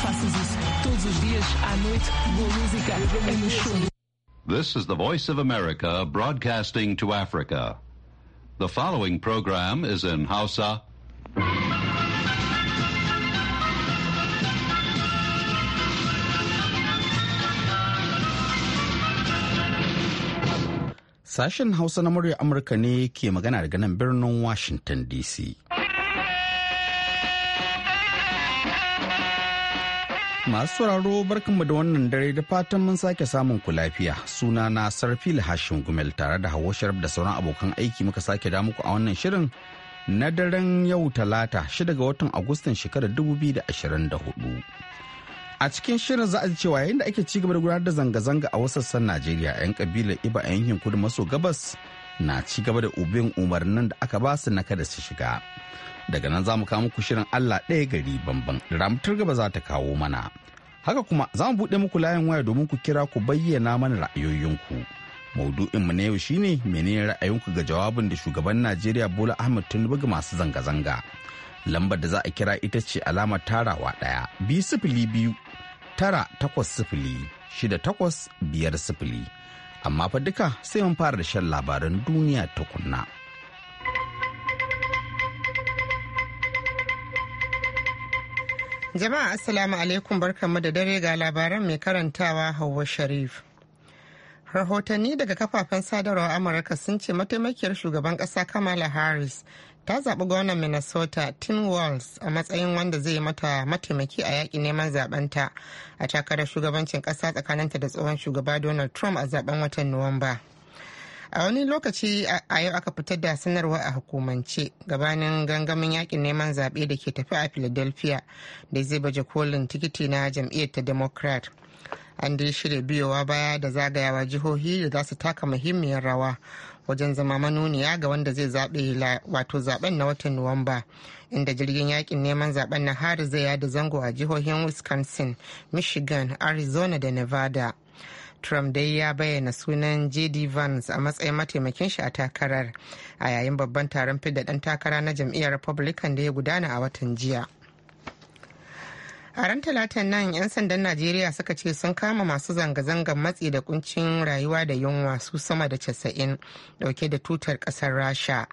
Faças isso todos os dias, à noite, boa música e no show. This is the Voice of America broadcasting to Africa. The following program is in Hausa. Sashen Hausa na murya Amurka ne ke magana daga nan birnin Washington DC. Masu sauraro barkanmu da wannan dare da fatan mun sake samun ku lafiya. Suna na Sarfil hashin Gumel tare da Hawwa sharaf da sauran abokan aiki muka sake da muku a wannan shirin na daren yau Talata 6 ga watan Agustan shekarar 2024. A cikin shirin za a ji cewa yayin da ake ci gaba da gudanar da zanga-zanga a wasu sassan Najeriya 'yan kabilar Iba a yankin kudu maso gabas na ci gaba da ubin umarnin da aka ba su na kada su shiga. daga nan za mu kawo muku shirin Allah ɗaya gari bamban ramtar gaba za ta kawo mana haka kuma za mu buɗe muku layin waya domin ku kira ku bayyana mana ra'ayoyinku maudu'inmu na yau shine menene ra'ayinku ga jawabin da shugaban Najeriya Bola Ahmed Tinubu ga masu zanga-zanga lambar da za a kira ita ce alamar tarawa ɗaya biyu sifili biyu tara takwas sifili shida takwas biyar sifili amma fa duka sai mun fara da shan labaran duniya ta kunna. Jama'a Assalamu alaikum barkanmu da dare ga labaran mai karantawa Hauwa Sharif. Rahotanni daga kafafen sadarwa Amurka sun ce mataimakiyar shugaban ƙasa Kamala Harris ta zaɓi gwamnan Minnesota Tim Walz a matsayin wanda zai mata mataimaki a yaƙi neman zaɓenta a takarar shugabancin ƙasa tsakaninta da tsohon shugaba Donald Trump a zaben watan Nuwamba. a wani lokaci a yau aka fitar da sanarwa a hukumance gabanin gangamin yakin neman zaɓe da ke tafi a philadelphia da zai baje kolin tikiti na jam'iyyar ta democrat an dai shirya biyowa baya da zagayawa jihohi da za su taka muhimmiyar rawa wajen zama manuniya ga wanda zai zaɓe wato zaɓen na watan nuwamba inda jirgin yakin neman zaɓen na har zai yada zango a jihohin wisconsin michigan arizona da nevada Trump dai ya bayyana sunan JD Vance a matsayin mataimakin shi a takarar a yayin babban taron fidda ɗan takara na jam'iyyar Republican da ya gudana a watan jiya. A ran talatan nan 'yan sandan Najeriya suka ce sun kama masu zanga-zangar matsi da kuncin rayuwa da yunwa su sama da casa'in dauke da tutar kasar Rasha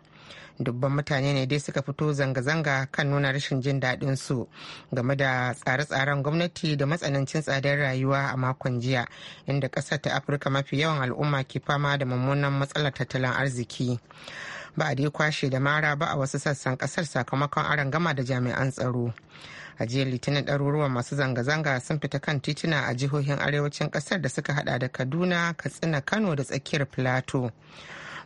dubban mutane ne dai suka fito zanga-zanga kan nuna rashin jin daɗin su game da tsare-tsaren gwamnati da matsanancin tsadar rayuwa a makon jiya inda ƙasar ta afirka mafi yawan al'umma ke fama da mummunan matsalar tattalin arziki ba a dai kwashe da mara ba a wasu sassan ƙasar sakamakon aron gama da jami'an tsaro a jiya litinin ɗaruruwan masu zanga-zanga sun fita kan tituna a jihohin arewacin ƙasar da suka hada da kaduna katsina kano da tsakiyar plateau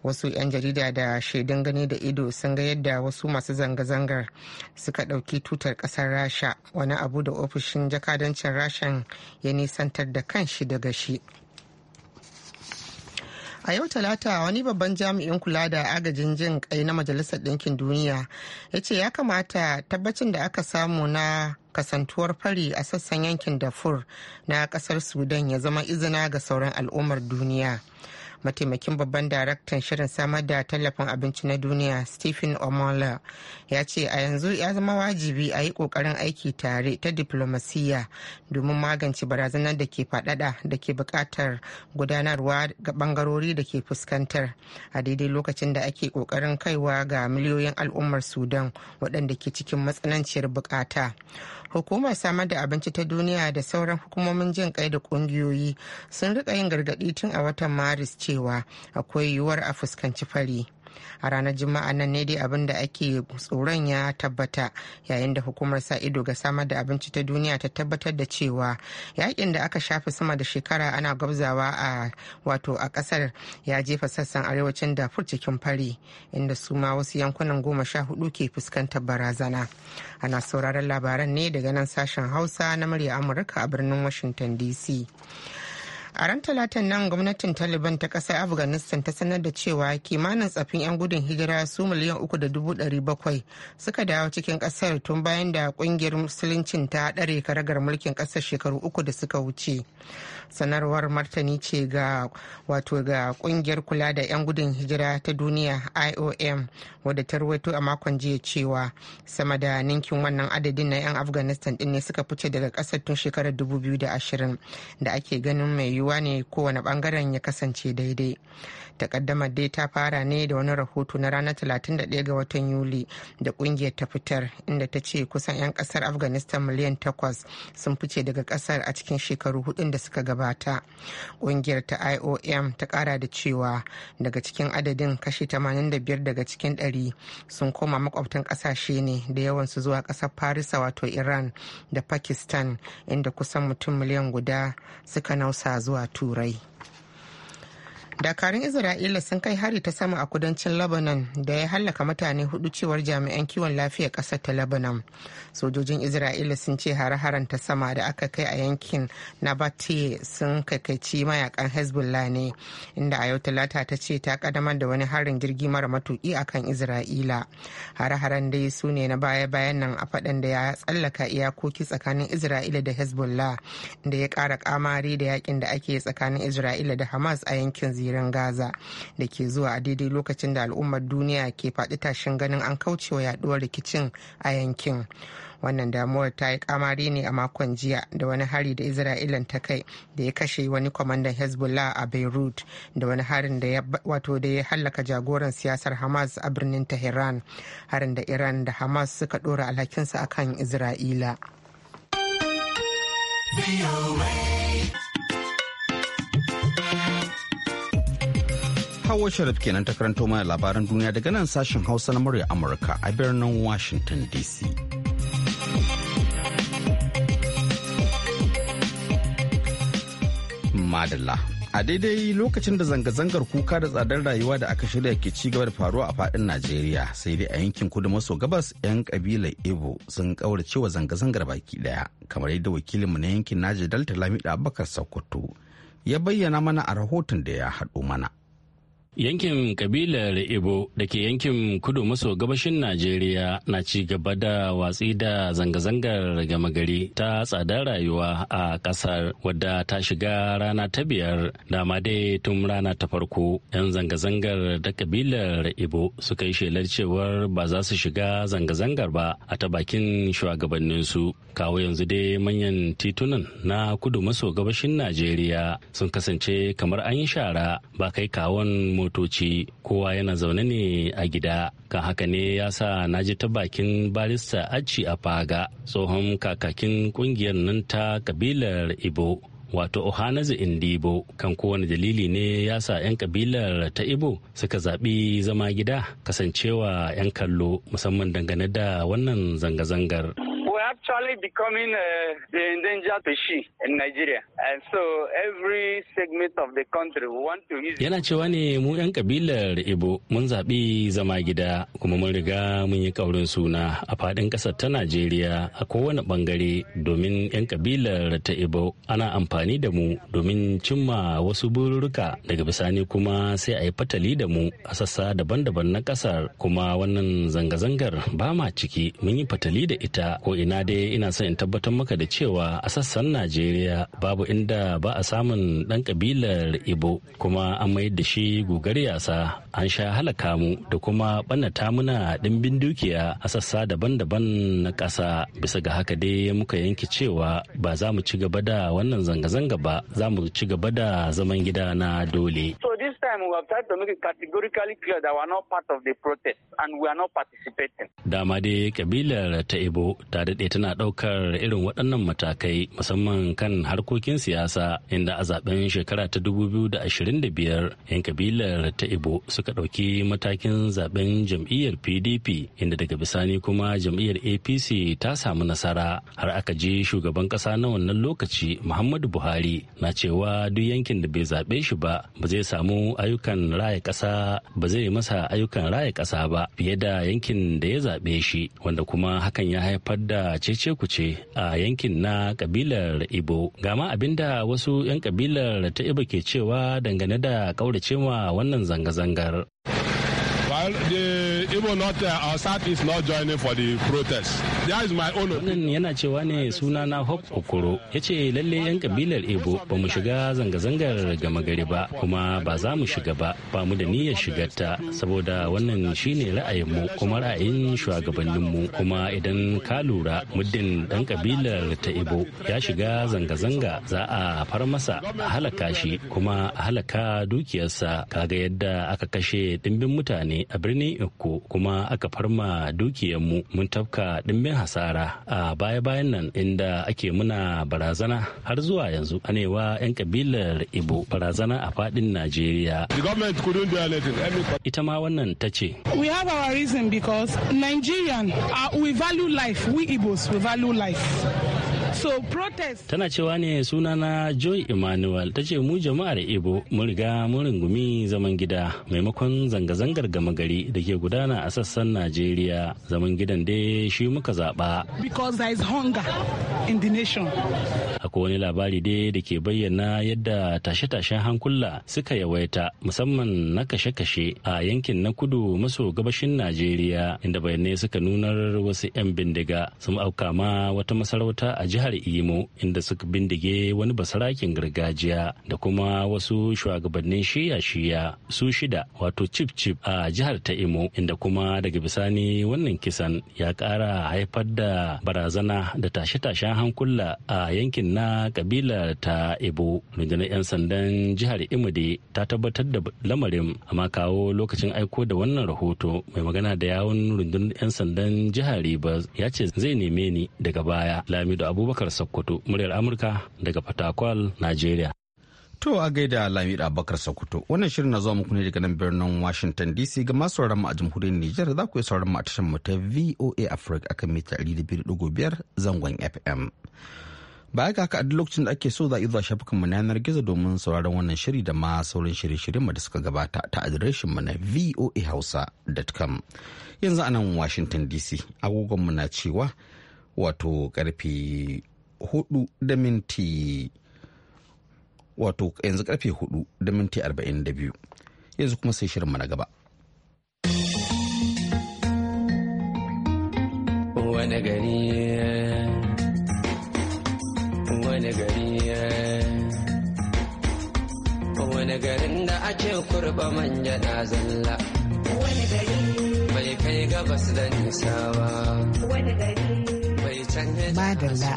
wasu 'yan jarida da shaidun gani da ido sun ga yadda wasu masu zanga-zangar suka ɗauki tutar ƙasar rasha wani abu da ofishin jakadancin rashan ya nisantar da kan kanshi daga shi a yau talata wani babban jami'in kula da agajin jin kai na majalisar ɗinkin duniya ya ce ya kamata tabbacin da aka samu na kasantuwar fari a sassan yankin dafur na ƙasar sudan ya zama izina ga sauran al'ummar duniya mataimakin babban daraktan shirin samar da tallafin abinci na duniya stephen omola ya ce a yanzu ya zama wajibi a yi kokarin aiki tare ta diplomasiya domin magance barazanar da ke faɗaɗa da ke buƙatar gudanarwa ga ɓangarori da ke fuskantar a daidai lokacin da ake kokarin kaiwa ga miliyoyin al'ummar sudan waɗanda ke cikin matsananciyar buƙata hukumar samar da abinci ta duniya da sauran hukumomin jin kai da ƙungiyoyi sun rika yin gargaɗi tun a watan maris ce cewa akwai yiwuwar a fuskanci fari a ranar juma'a nan ne dai abin da ake tsoron ya tabbata yayin da hukumar sa ido ga samar da abinci ta duniya ta tabbatar da cewa yakin da aka shafi sama da shekara ana gwabzawa a wato a kasar ya jefa sassan arewacin dafur cikin fari inda su ma wasu yankunan goma sha hudu ke fuskantar barazana ana sauraron labaran ne daga nan sashen hausa na murya amurka a birnin washington dc a ran talatin nan gwamnatin taliban ta kasar afghanistan ta sanar da cewa kimanin tsafin 'yan gudun hijira su miliyan uku da dubu dari bakwai suka dawo cikin kasar tun bayan da kungiyar musuluncin ta ka karagar mulkin kasar shekaru uku da suka wuce sanarwar martani ce ga wato ga kungiyar kula da 'yan gudun hijira ta duniya iom wadda ta ruwaito a makon jiya cewa sama da ninkin wannan adadin na 'yan afghanistan din ne suka fice daga kasar tun shekarar 2020 da ake ganin mai yiwuwa ne kowane bangaren ya kasance daidai takaddamar dai ta fara ne da wani rahoto na ranar 31 ga watan yuli da kungiyar ta fitar inda ta ce kusan 'yan kasar afghanistan miliyan 8 sun fice daga kasar a cikin shekaru hudun da suka gabata kungiyar ta iom ta kara da cewa daga cikin adadin kashi 85 daga cikin 100 sun koma makwabtan kasashe ne da yawan su zuwa kasar farisa wato iran da pakistan inda kusan mutum miliyan guda suka nausa zuwa zuwa turai dakarun isra'ila sun kai hari ta sama a kudancin lebanon da ya hallaka mutane hudu cewar jami'an kiwon lafiya kasar ta lebanon sojojin isra'ila sun ce hare-haren ta sama da aka kai a yankin nabatiye sun kaikaici mayakan hezbollah ne inda a yau talata ta ce ta kadamar da wani harin jirgi mara matuki akan isra'ila hare-haren dai su ne na baya-bayan nan a faɗan da ya tsallaka iyakoki tsakanin isra'ila da hezbollah da ya ƙara kamari da yakin da ake tsakanin isra'ila da hamas a yankin zira zirin gaza da ke zuwa a daidai lokacin da al'ummar duniya ke faɗi tashin ganin an kaucewa yaduwar rikicin a yankin wannan damuwar ta yi kamari ne a makon jiya da wani hari da isra'ila ta kai da ya kashe wani kwamandan hezbollah a beirut da wani harin da ya wato da ya hallaka jagoran siyasar hamas a birnin tehran harin da iran da hamas suka dora alhakinsa akan isra'ila kawo Sharif kenan ta karanto mana labaran duniya daga nan sashen Hausa na murya Amurka a birnin Washington DC. Madalla. A daidai lokacin da zanga-zangar kuka da tsadar rayuwa da aka shirya ke ci gaba da faruwa a fadin Najeriya sai dai a yankin kudu maso gabas 'yan kabilar Igbo sun kaurace wa zanga-zangar baki daya kamar yadda wakilinmu na yankin najeriya Delta Lamida Abubakar Sokoto ya bayyana mana a rahoton da ya haɗo mana. Yankin kabilar Ibo da ke yankin kudu maso gabashin Najeriya na ci gaba da watsi da zanga-zangar gama gari ta tsada rayuwa a ƙasar wadda ta shiga rana ta biyar dama dai tun rana ta farko. 'Yan zanga-zangar da kabilar Ibo suka yi shelar cewar ba za su shiga zanga-zangar ba a ta bakin shugabanninsu. Kawo yanzu dai manyan titunan na kudu maso gabashin Najeriya sun kasance kamar an yi shara ba kai kawon motoci kowa yana zaune ne a gida kan haka ne ya sa na ji ta bakin barista aci a faga tsohon kakakin kungiyar nan ta kabilar ibo wato ohanazu indibo kan kowane dalili ne ya sa 'yan kabilar ta ibo suka zaɓi zama gida kasancewa 'yan kallo musamman dangane da wannan zanga-zangar actually becoming uh, the endangered species in Nigeria. And so every segment of the country want to use. Yana cewa ne mu 'yan kabilar Ibo mun zaɓi zama gida kuma mun riga mun yi ƙaurin suna a faɗin ƙasar ta Najeriya a kowane ɓangare domin 'yan kabilar ta Ibo ana amfani da mu domin cimma wasu bururuka daga bisani kuma sai a yi fatali da mu a sassa daban-daban na ƙasar kuma wannan zanga-zangar ba ma ciki mun yi fatali da ita ko ina dai ina son in tabbatar maka da cewa a sassan najeriya babu inda ba a samun ɗan kabilar ibo kuma an mayar da shi gugar yasa an sha halaka mu da kuma ɓannata muna dimbin dukiya a sassa daban-daban na ƙasa bisa ga haka dai muka yanke cewa ba za mu ci gaba da wannan zanga-zanga ba za mu ci gaba da zaman gida na dole. To time we have tried to make it categorically clear that we are not part of the protest and we are not participating. Dama dai kabilar ta Ibo ta daɗe tana ɗaukar irin waɗannan matakai musamman kan harkokin siyasa inda a zaben shekara ta 2025 'yan kabilar ta Ibo suka ɗauki matakin zaben jam'iyyar PDP inda daga bisani kuma jam'iyyar APC ta samu nasara har aka ji shugaban ƙasa na wannan lokaci Muhammadu Buhari na cewa duk yankin da bai zaɓe shi ba ba zai samu ayyukan raya ƙasa ba zai masa ayyukan raya ƙasa ba fiye da yankin da ya zaɓe shi wanda kuma hakan ya haifar da cece kuce a yankin na ƙabilar ibo gama abin da wasu 'yan kabilar ta ibo ke cewa dangane da ƙaurace ma wannan zanga-zangar people not uh, our south is not joining for the protest. That is my own. Wannan yana cewa ne suna na Hope Okoro. Yace lalle yan kabilar ebo ba mu shiga zanga-zangar gama gari ba kuma ba za mu shiga ba ba mu da niyyar shigar ta saboda wannan shine ra'ayin mu kuma ra'ayin mu kuma idan ka lura muddin dan kabilar ta ebo ya shiga zanga-zanga za a far masa a halaka shi kuma a halaka dukiyarsa kaga yadda aka kashe dimbin mutane a birnin Eko kuma kuma aka farma dukiyanmu mun tafka dimbin hasara a baya-bayan nan inda ake muna barazana har zuwa yanzu anewa 'yan kabilar ibo barazana a fadin najeriya ita ma wannan ta ce we have our reason because nigerian uh, we value life we ibos we value life So protest. Tana cewa ne sunana Joy Emmanuel ta ce mu jama'ar Ibo mun riga mun rungumi zaman gida maimakon zanga-zangar gama gari da ke gudana a sassan Najeriya zaman gidan dai shi muka zaba. Because there is hunger in the nation. Akwai wani labari dai da ke bayyana yadda tashe-tashen hankula suka yawaita musamman na kashe-kashe a yankin na kudu maso gabashin Najeriya inda bayanai suka nunar wasu 'yan bindiga sun auka ma wata masarauta a jihar jihar imo inda suka bindige wani basarakin gargajiya da kuma wasu shugabannin shiya-shiya su shida wato chip-chip a jihar ta imo inda kuma daga bisani wannan kisan ya kara haifar da barazana da tashe-tashen hankula a yankin na kabilar ta ibo rundunar 'yan sandan jihar imo ta tabbatar da lamarin amma kawo lokacin aiko da wannan rahoto mai magana da yawun rundunar 'yan sandan jihar ribas ya ce zai neme ni daga baya lamido abubakar Abubakar Sokoto, muryar Amurka daga Fatakwal, Najeriya. To a gaida Lamida bakar Sokoto, wannan shirin na zuwa muku ne daga nan birnin Washington DC ga masu sauran mu a jamhuriyar Nijar za ku yi sauran mu a tashar mu ta VOA Africa a kan mita 200.5 zangon FM. Ba ga haka a duk lokacin da ake so za a zuwa shafukan mu na yanar gizo domin sauraron wannan shiri da ma sauran shirye-shiryen mu da suka gabata ta adireshin mu na voahausa.com. Yanzu a nan Washington DC agogon mu na cewa wato karfe hudu da minti wato yanzu karfe hudu da minti arba'in da biyu yanzu kuma sai shirinmu na gaba wani gari wani gari wani garin da ake kurba manya na zalla wani gari bai kai gabas da nisa ba wani gari bai canje madalla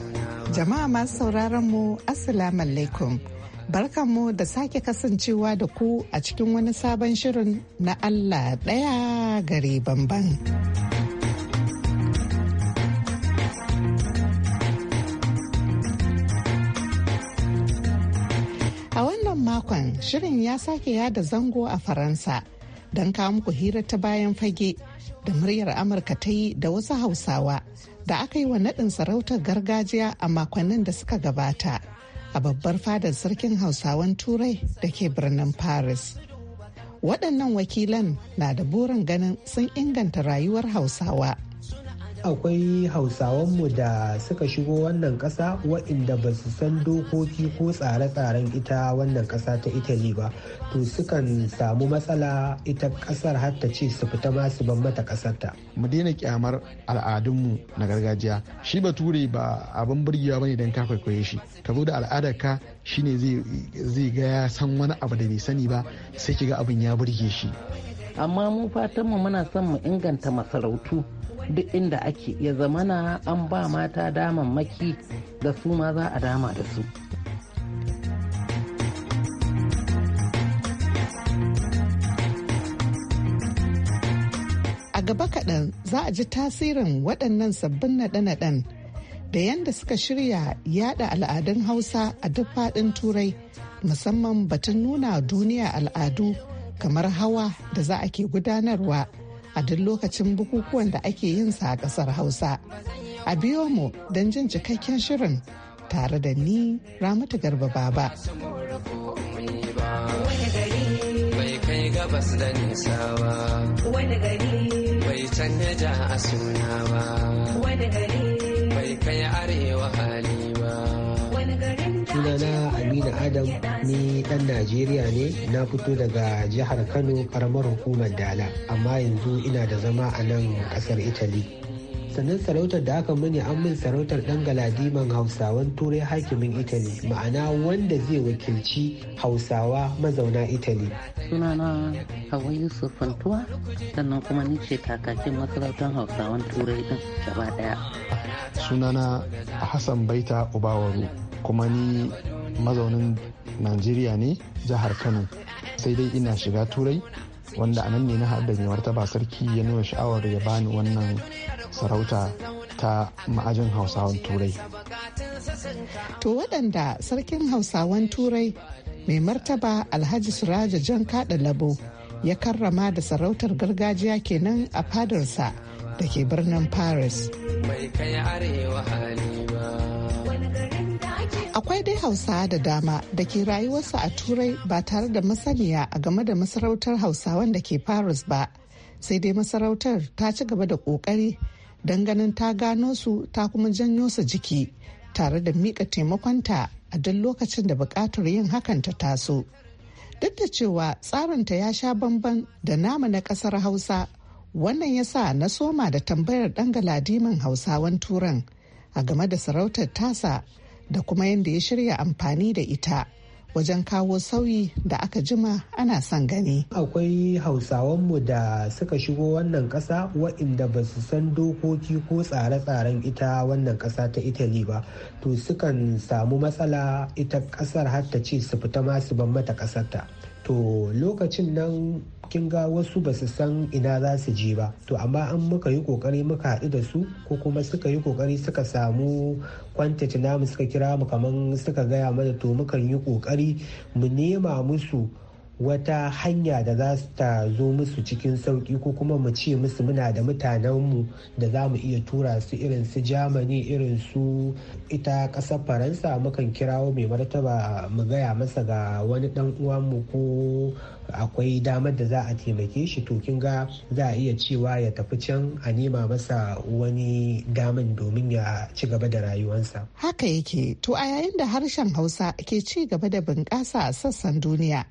Jama'a masu sauraron mu Assalamu alaikum. Barkanmu da sake kasancewa da ku a cikin wani sabon shirin na Allah ɗaya gare bamban. A wannan makon shirin ya sake yada zango a Faransa don kawo muku hira ta bayan fage da muryar Amurka ta yi da wasu Hausawa. da aka yi wa naɗin sarautar gargajiya a makonnin da suka gabata a babbar fadar sarkin hausawan turai da ke birnin paris waɗannan wakilan na da burin ganin sun inganta rayuwar hausawa akwai mu da suka shigo wannan ƙasa waɗanda ba su san dokoki ko tsare-tsaren ita wannan ƙasa ta italy ba to sukan samu matsala ita kasar har ta ce su fita ba su ban mata ta. mu daina kyamar al'adunmu na gargajiya shi bature ba abin burgewa bane don ka kwaikwaye shi ka zo da al'adar ka shine zai ga ya san wani abu da bai sani ba sai ki ga abin ya burge shi amma mu fatanmu muna son mu inganta masarautu duk inda ake ya zamana an ba mata daman maki da su ma za a dama da su. A gaba kaɗan za a ji tasirin waɗannan sabbin naɗe-naɗen da yadda suka shirya yaɗa al'adun Hausa a duk faɗin Turai musamman batun nuna duniya al'adu kamar hawa da za a ke gudanarwa. a duk lokacin bukukuwan da ake yin sa a ƙasar Hausa. A biyo mu don jin cikakken shirin tare da ni Ramatu Garba Baba. Bai kai gabas da nisa ba. Wani gari. Bai canja a suna ba. Wani gari. Bai kai arewa hali ba. sunana aminu adam ni dan najeriya ne na fito daga jihar kano karamar hukumar dala amma yanzu ina da zama a nan kasar italy sannan sarautar da aka mani an min sarautar dan galadiman hausawan turai hakimin italy ma'ana wanda zai wakilci hausawa mazauna italy sunana hawa yusuf fantuwa sannan kuma ni ce kakakin masarautar hausawan turai din gaba daya sunana hassan baita ubawaru kuma ni mazaunin najeriya ne jihar kano sai dai ina shiga turai wanda a nan ne na haɗa mai martaba sarki ya nuna sha'awar ya bani wannan sarauta ta ma'ajin hausawan turai to waɗanda sarkin hausawan turai mai martaba alhaji suraja jan kaɗa labo ya karrama da sarautar gargajiya kenan a fadarsa da ke birnin paris bai kai arewa akwai dai hausa da dama da ke rayuwarsa a turai ba tare da masaniya a game da masarautar hausawan da ke paris ba sai dai masarautar ta ci gaba da kokari don ganin ta gano su ta kuma janyo su jiki tare da mika taimakonta a duk lokacin da bukatar yin hakan ta taso duk da cewa tsarinta ya sha bamban da nama na kasar hausa wannan ya sa na soma da tambayar dan galadimin hausawan turan a game da sarautar tasa da kuma yadda ya shirya amfani da ita wajen kawo sauyi da aka jima ana son gani. Akwai hausawanmu da suka shigo wannan ƙasa wa'inda ba su san dokoki ko tsare-tsaren ita wannan ƙasa ta Italy ba. To sukan samu matsala ita ƙasar har ta ce su fita masu ban mata ƙasarta. to lokacin nan kin ga wasu ba su san ina za su je ba to amma an muka yi kokari muka haɗu da su ko kuma suka yi kokari suka samu kwantati namu suka kira mu kamar suka gaya mana to mukan yi kokari mu nema musu wata hanya da za ta zo musu cikin sauƙi ko kuma mu ce musu muna da mutanenmu da za mu iya tura su irin su jamani irin su ita ƙasar faransa mukan kirawo mai martaba mu gaya masa ga wani ɗan uwanmu ko akwai damar da za a taimake shi to kin ga za a iya cewa ya tafi can a nema masa wani damin domin ya ci gaba da rayuwansa haka yake to a yayin da harshen hausa ke ci gaba da bunƙasa a sassan duniya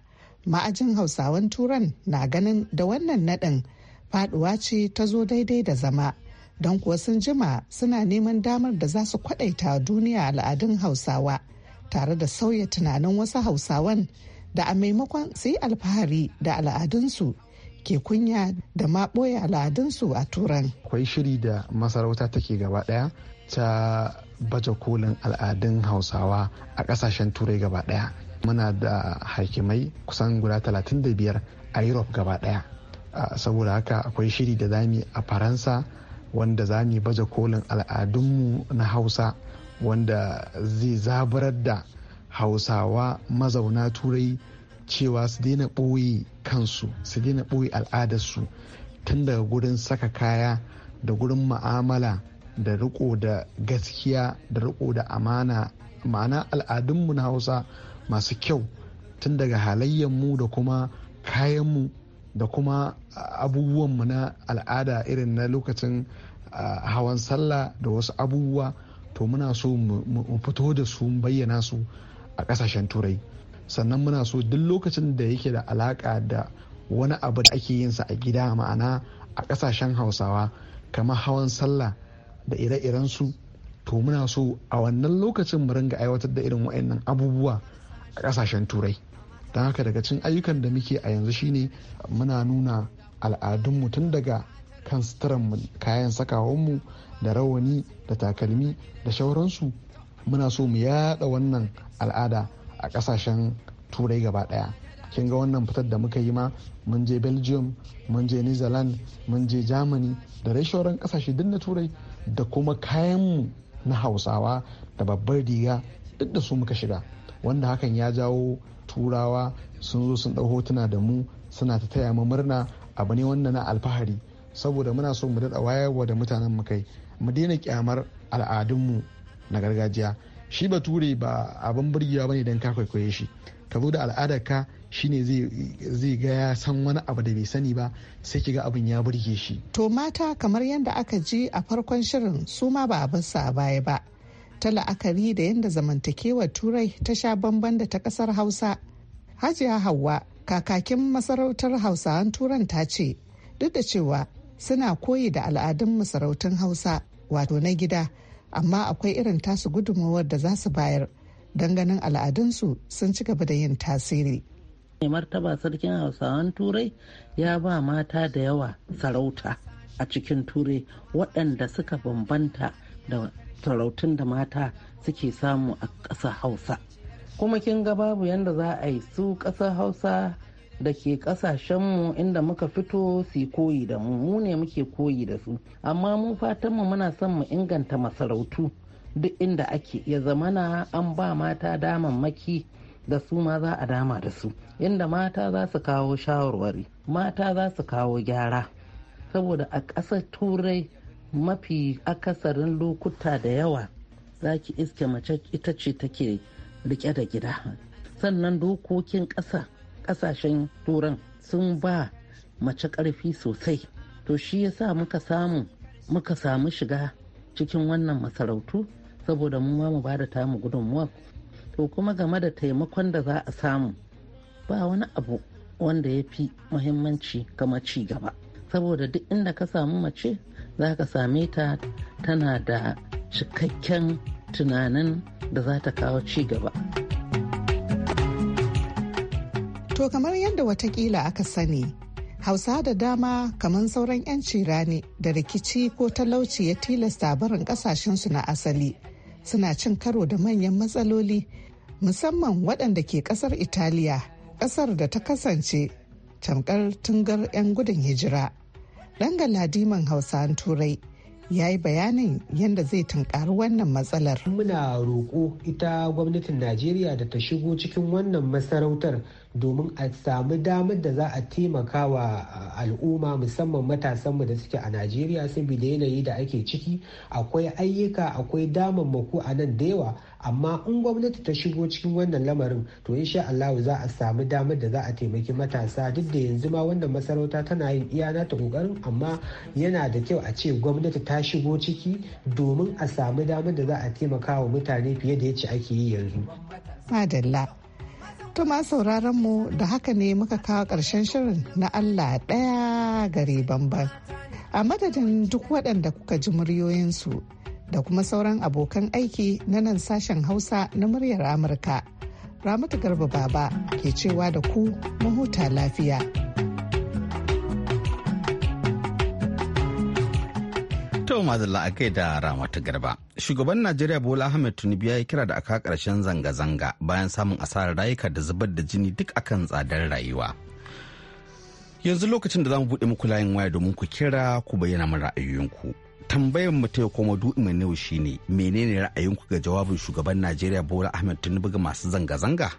ma'ajin hausawan turan na ganin da wannan naɗin faɗuwa ce ta zo daidai da zama don kuwa sun jima suna neman damar da za su wa duniya al'adun hausawa tare da sauya tunanin wasu hausawan da a maimakon su yi alfahari da al'adunsu ke kunya da ma ɓoye al'adunsu a turan. Akwai shiri da masarauta take gaba ɗaya ta baje kolin al'adun hausawa a ƙasashen turai gaba ɗaya muna da hakimai kusan guda 35 a europe gaba daya saboda haka akwai shiri da zami a faransa wanda zami baje kolin al'adunmu na hausa wanda zai zaburar da hausawa mazauna turai cewa su daina ɓoye kansu su daina ɓoye al'adarsu tun daga gurin saka kaya da gurin ma'amala da riko da gaskiya da riko da amana ma'ana al'adunmu na hausa masu kyau tun daga halayyarmu da kuma kayanmu da kuma abubuwanmu na al'ada irin na lokacin hawan sallah da wasu abubuwa to muna so mu fito da su bayyana su a kasashen turai sannan muna so duk lokacin da yake da alaka da wani abu da ake yin sa a gida ma'ana a kasashen hausawa kamar hawan sallah da ire-irensu to muna so a wannan lokacin mu ringa aiwatar da irin wa'annan abubuwa a kasashen turai don haka daga cin ayyukan da muke a yanzu shine muna nuna al'adunmu tun daga kan suturanmu kayan sakawanmu da rawani da takalmi da shauransu muna so mu yada wannan al'ada a kasashen turai gaba daya kin ga wannan fitar da muka yi ma mun je belgium mun je new mun je germany da rai shauran kasashe duk na turai da kuma kayanmu na hausawa da babbar riga duk da su muka shiga wanda hakan ya jawo turawa sun zo sun ɗau hotuna da mu suna ta taya mu murna abu ne wanda na alfahari saboda muna so mu daɗa wayarwa da mutanen mu kai mu daina kyamar al'adunmu na gargajiya shi bature ba abin burgewa bane don ka kwaikwaye shi ka zo da al'adar ka shine zai ga ya san wani abu da bai sani ba sai kiga abin ya burge shi to mata kamar yadda aka ji a farkon shirin su ma ba abin sa baya ba ta la'akari da yadda zamantakewar turai ta sha bamban da ta kasar hausa hajiya hauwa kakakin masarautar hausawan turan ta ce duk da cewa suna koyi da al'adun masarautun hausa wato na gida amma akwai irin tasu gudunmawar da za su bayar don ganin al'adunsu sun ci gaba da yin tasiri martaba sarkin hausawan turai ya ba mata da yawa sarauta a cikin turai waɗanda suka bambanta da sarautun da mata suke samu a ƙasar hausa kuma kin ga babu yadda za a yi su ƙasar hausa da ke ƙasashenmu inda muka fito su koyi da mu mu ne muke koyi da su amma mu fatanmu muna son mu inganta masarautu duk inda ake ya zamana an ba mata damammaki da su ma za a dama da su inda mata za su kawo shawarwari mata za su kawo gyara saboda a ƙasar turai mafi akasarin lokuta da yawa za ki iske mace ita ce take rike da gida sannan dokokin ƙasa ƙasashen turan sun ba mace ƙarfi sosai to shi yasa muka samu muka samu shiga cikin wannan masarautu saboda mu ma mu ba da tamu gudunmuwa to kuma game da taimakon da za a samu ba wani abu wanda ya fi muhimmanci kama ci gaba saboda duk inda ka samu mace za ka same ta tana da cikakken tunanin da za ta kawo ci gaba. To kamar yadda watakila aka sani, hausa da dama kamar sauran 'yanci rani da rikici ko talauci ya tilasta barin kasashensu na asali suna cin karo da manyan matsaloli musamman waɗanda ke ƙasar italiya ƙasar da ta kasance tamkar tungar 'yan gudun hijira. Danga Ladiman Hausan Turai ya yi bayanin yadda zai tunkari wannan matsalar. Muna roƙo ita gwamnatin Najeriya da ta shigo cikin wannan masarautar domin a sami damar da za a taimaka wa al'umma musamman matasanmu da suke a najeriya saboda yanayi da ake ciki akwai ayyuka akwai damammaku a nan da yawa amma in gwamnati ta shigo cikin wannan lamarin to insha Allah za a sami damar da za a taimaki matasa duk da yanzu ma wannan masarauta tana yin iya nata kokarin amma yana da kyau a ce gwamnati ta shigo ciki domin a sami damar da za a taimaka wa mutane fiye da yace ake yi yanzu. Madalla ma sauraron mu da haka ne muka kawo ƙarshen shirin na Allah ɗaya gari bamban. A madadin duk waɗanda kuka ji muryoyinsu da kuma sauran abokan aiki na nan sashen Hausa na muryar Amurka. Ramatu Garba Baba ke cewa da ku mahuta lafiya. To madalla a kai da Ramatu Garba. Shugaban Najeriya Bola Ahmed Tinubu ya yi kira da aka karshen zanga-zanga bayan samun asarar rayuka da zubar da jini duk akan tsadar rayuwa. Yanzu lokacin da zamu buɗe muku layin waya domin ku kira ku bayyana mana ra'ayoyinku. Tambayar mu ta koma du'i mai nau shine menene ra'ayinku ga jawabin shugaban Najeriya Bola Ahmed Tinubu ga masu zanga-zanga?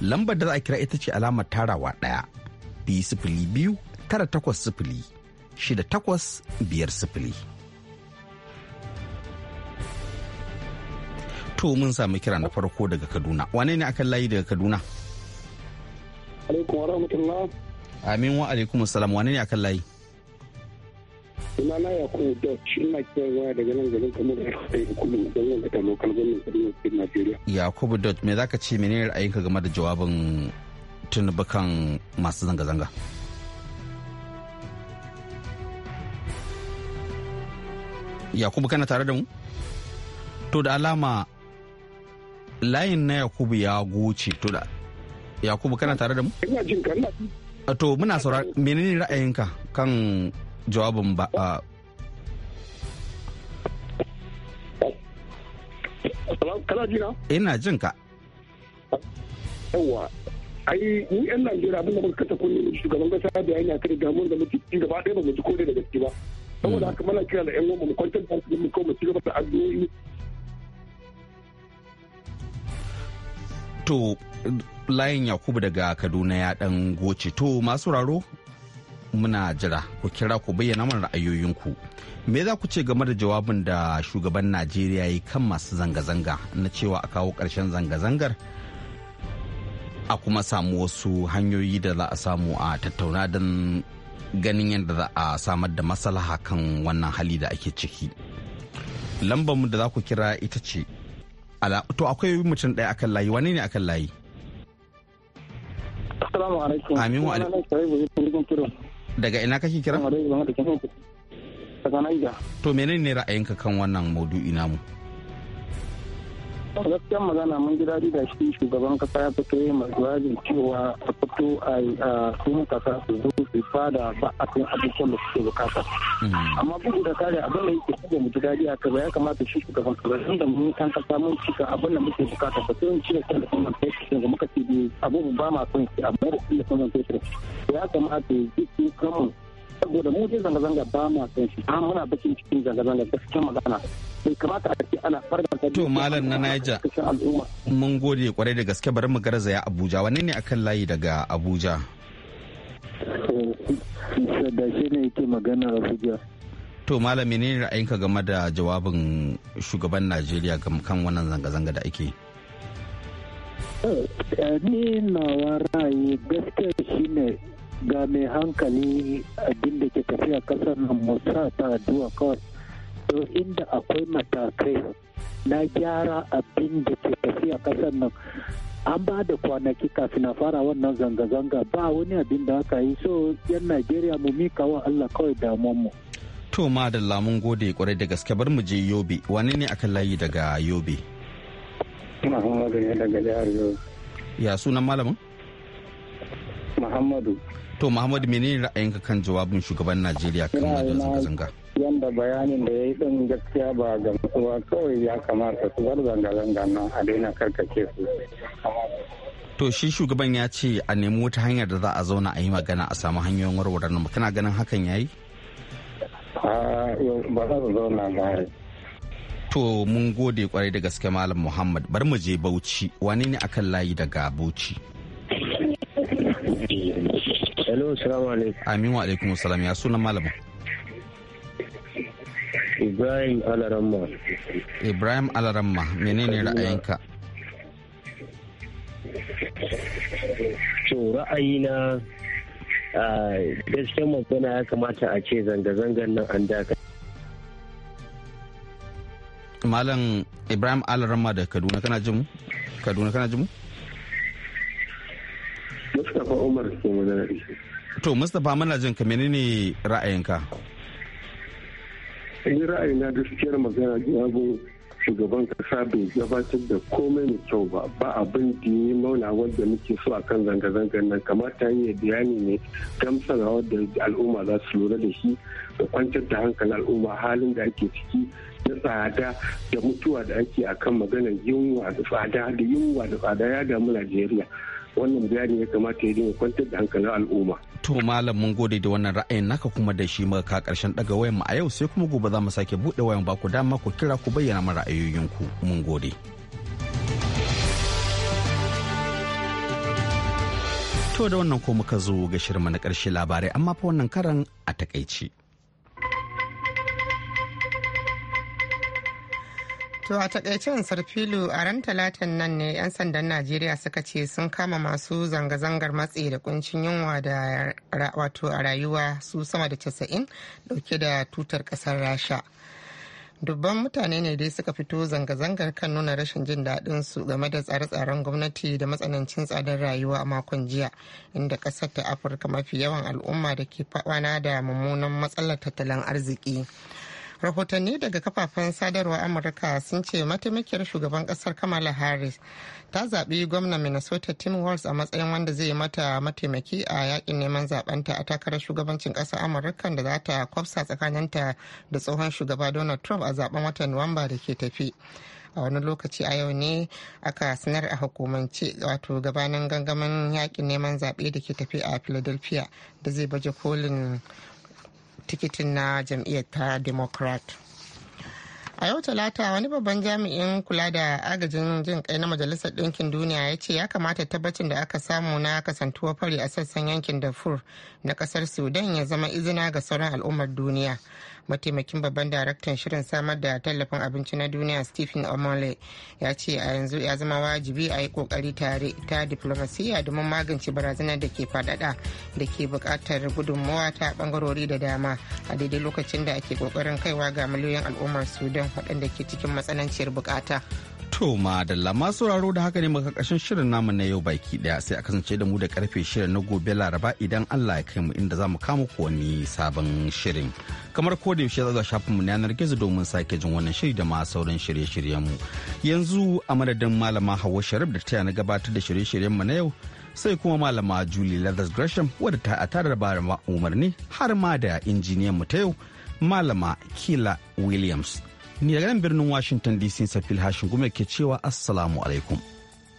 Lambar da za a kira ita ce alamar tarawa ɗaya. Biyu sifili biyu tara takwas sifili shida takwas biyar sifili. to mun samu kira na farko daga kaduna wane ne akan layi daga kaduna wa amin wa alaikum salam wane ne akan layi Ina na yakubu dutch ina kiran waya daga nan garin kamar da yi kullum don yin da local government kaduna state nigeria yakubu Dot, me za ka ce mene ra'ayinka game da jawabin tunubu kan masu zanga-zanga yakubu kana tare da mu to da alama layin na yakubu ya goce to da yakubu kana tare da mu to muna saura menene ra'ayinka kan jawabin ba a ina jin ka yawa ai ni yan najeriya abin da muka kasa kunne shugaban kasa da yana kare damuwar da muke ci gaba ɗaya ba mu ji kore da gaske ba saboda haka mana kira da yan uwan mu kwantar da hankali mu mu ci gaba da addu'o'i to layin yakubu daga kaduna ya dan goce to masu raro muna jira ku kira ku bayyana mana ra'ayoyinku me za ku ce game da jawabin da shugaban najeriya yi kan masu zanga-zanga na cewa a kawo karshen zanga-zangar a kuma samu wasu hanyoyi da za a samu a tattauna don ganin yadda za a samar da masalaha kan wannan hali da ake ciki lambarmu da za ku kira ita ce ala to akwai mutum ɗaya akan layi wani ne akan layi assalamu alaikum amin wa alaikum daga ina kake kira daga naija to menene ra'ayinka kan wannan maudu'i namu gaskiyar magana mun ji daɗi da shi shugaban kasa ya fito yi mai jawabin cewa a fito a sun kasa su zo su fada ba a kan abubuwan da suke bukata hmm. amma bugu da kare abin da yake kuma mu ji daɗi a kaza ya kamata shi shugaban kasa inda mun kan kasa mun cika abin da muke bukata ba sai mun cire tallafin kai shi da muka ce abubuwan ba ma son shi amma da tallafin man fetur ya kamata ya sun kama saboda mu dai zanga-zanga ba ma san shi amma muna bakin cikin zanga-zanga gaskiyar magana bai kamata a ce ana farganta to malam na naija mun gode kwarai da gaske bari mu garza ya abuja wanne ne akan layi daga abuja da shi ne yake magana abuja to malam menene ra'ayinka game da jawabin shugaban najeriya ga kan wannan zanga-zanga da ake eh, ni nawa ra'ayi gaskiya shine ga mai hankali abin da ke tafiya kasar nan musa ta duwa kawai to inda akwai matakai na gyara abin da ke tafiya kasar nan an ba da kwanaki kafin a fara wannan zanga-zanga ba wani abin da aka yi so yan najeriya mu mika wa allah kawai mu to ma da lamun gode kwarai da gaske bar mu je yobe wani ne akan layi daga yobe muhammadu ne daga jihar yobe ya sunan malamin muhammadu to muhammad menene ra'ayinka kan jawabin shugaban najeriya kan wajen zanga-zanga yanda bayanin da ya yi din gaskiya ba ga ba kawai ya kamata su bar zanga-zanga nan a daina karkace su to shi shugaban ya ce a nemi wata hanyar da za a zauna a yi magana a samu hanyoyin warware nan kana ganin hakan yayi ba za su zauna ba to mun gode kwarai da gaske malam muhammad bar mu je bauchi wani ne akan layi daga bauchi Hello, salamu alaikum. Amin wa alaikum salam ya sunan malamin. Ibrahim Alaramma. Ibrahim Alaramma, menene ra'ayinka? To ra'ayina gaskiyar magana ya kamata a ce zanga-zangar nan an daka. Malam Ibrahim Alaramma da Kaduna kana jimu Kaduna kana jimu Mustapha Umar ke magana da to mustapha muna jin ka mene menene ra'ayinka in na gaskiyar magana abu shugaban kasa bai gabatar da komai mai kyau ba ba abin da yi mauna wanda muke so a kan zanga-zangar nan kamata yi bayani ne gamsarwa wadda al'umma za su lura da shi da kwantar da hankali al'umma halin da ake ciki na tsada da mutuwa da ake akan maganar yunwa da tsada da yunwa da tsada ya damu najeriya wannan bayani ya kamata ya dinga kwantar da hankalin al'umma. To malam mun gode da wannan ra'ayin naka kuma da shi muka ka karshen daga wayan mu a yau sai kuma gobe za mu sake buɗe wayan ba ku dama ku kira ku bayyana mana ra'ayoyinku mun gode. To da wannan ko muka zo ga shirma na karshe labarai amma fa wannan karan a takaici. To a takaicen sarfilu a ran talatin nan ne 'yan sandan Najeriya suka ce sun kama masu zanga-zangar matsi da kuncin yunwa da wato a rayuwa su sama da casa'in dauke da tutar kasar Rasha. Dubban mutane ne dai suka fito zanga-zangar kan nuna rashin jin daɗin su game da tsare-tsaren gwamnati da matsanancin tsadar rayuwa a makon jiya inda ƙasar ta Afirka mafi yawan al'umma da ke faɗana da mummunan matsalar tattalin arziki. rahotanni daga kafafen sadarwa amurka sun ce mataimakiyar shugaban kasar kamala harris ta zaɓi gwamnan minnesota tim walz a matsayin wanda zai mata mataimaki a yakin neman zaɓenta a takarar shugabancin ƙasar amurka da za ta kwafsa tsakaninta da tsohon shugaba donald trump a zaben watan nuwamba da ke tafi a wani lokaci a yau ne aka sanar a hukumance wato gabanin gangamin yakin neman zaɓe da ke tafi a philadelphia da zai baje kolin tikitin na jam'iyyar ta democrat a yau talata wani babban jami'in kula da agajin jin kai na majalisar ɗinkin duniya ya ce ya kamata tabbacin da aka samu na kasantuwar fari a sassan yankin darfur na kasar sudan ya zama izina ga sauran al'ummar duniya mataimakin babban daraktan shirin samar da tallafin abinci na duniya stephen omole ya ce a yanzu ya zama wajibi a yi kokari tare ta diplomasiya domin magance barazanar da ke faɗaɗa da ke bukatar gudunmawa ta bangarori da dama a daidai lokacin da ake kokarin kaiwa ga miliyoyin al'ummar sudan miliyan waɗanda ke cikin matsananciyar bukata. To madalla masu sauraro da haka ne muka ƙarshen shirin namu na yau baki daya sai a kasance da mu da karfe shirin na gobe laraba idan Allah ya kai mu inda za mu kama ku wani sabon shirin. Kamar ko da yaushe za shafin mu na yanar gizo domin sake jin wannan shiri da ma sauran shirye-shiryen mu. Yanzu a madadin malama Hauwa Sharif da ta na gabatar da shirye-shiryen mu na yau sai kuma malama Julie Leathers Gresham wadda ta tare da umarni har ma da injiniyan mu ta yau malama Kila Williams. Ni daga nan birnin Washington DC Safil Hashin Gume ke cewa Assalamu alaikum.